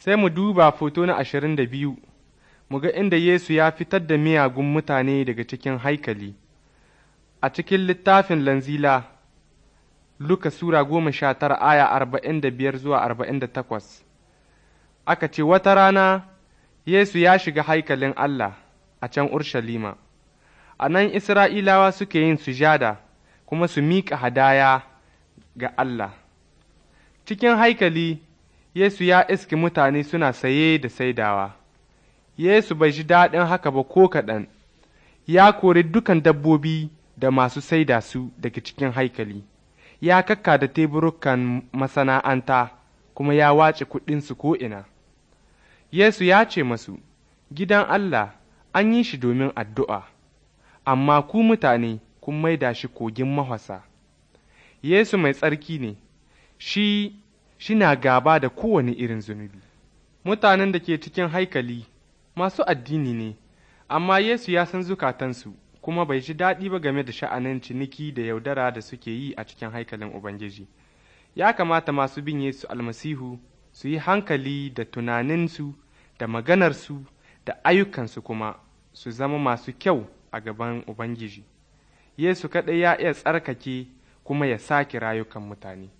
sai mu duba foto na ashirin da biyu, mu ga inda Yesu ya fitar da miyagun mutane daga cikin haikali. A cikin littafin lanzila, Luka Sura goma sha tara aya arba'in da biyar zuwa arba'in da takwas, aka ce wata rana Yesu ya shiga haikalin Allah a can Urshalima, a nan Isra'ilawa suke yin sujada kuma su miƙa hadaya ga Allah. Cikin haikali, Yesu ya iski mutane suna saye da saidawa. Yesu bai ji daɗin haka ba ko kaɗan, ya kori dukan dabbobi da masu saida su daga cikin haikali, ya kakka da teburukan masana'anta kuma ya wace kuɗinsu ko'ina. Yesu ya ce masu, Gidan Allah an yi shi domin addu'a, amma ku mutane kun maida shi kogin mahasa Yesu mai tsarki ne, shi Shi na gaba da kowane irin zunubi. Mutanen da ke cikin haikali masu addini ne, amma Yesu ya san zukatansu kuma bai ji daɗi ba game da sha'anin ciniki da yaudara da suke yi a cikin haikalin Ubangiji. Ya kamata masu bin Yesu almasihu su yi hankali da tunaninsu da maganarsu da ayyukansu kuma su zama masu kyau a gaban Ubangiji. Yesu kaɗai ya iya tsarkake kuma ya sake rayukan mutane.